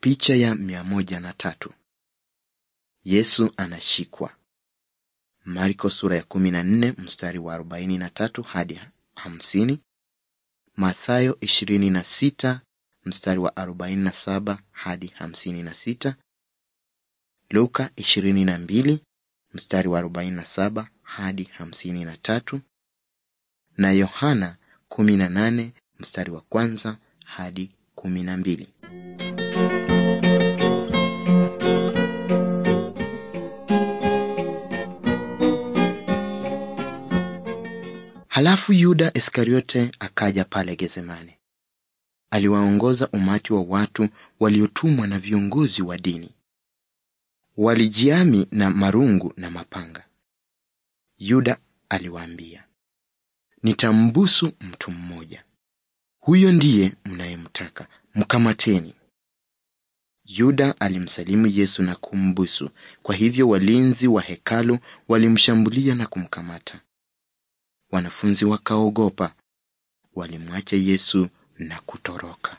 Picha ya mia moja na tatu. Yesu anashikwa. Marko sura ya 14 mstari wa tatu hadi hamsini. Mathayo sita mstari wa saba hadi sita. Luka 22 mstari wa saba hadi hamsini na Yohana nane mstari wa kwanza hadi mbili. Halafu Yuda Iskariote akaja pale Gezemani. Aliwaongoza umati wa watu waliotumwa na viongozi wa dini. Walijiami na marungu na mapanga. Yuda aliwaambia, nitambusu mtu mmoja. Huyo ndiye mnayemtaka, mkamateni. Yuda alimsalimu Yesu na kumbusu. Kwa hivyo walinzi wa hekalu walimshambulia na kumkamata. Wanafunzi wakaogopa, walimwacha Yesu na kutoroka.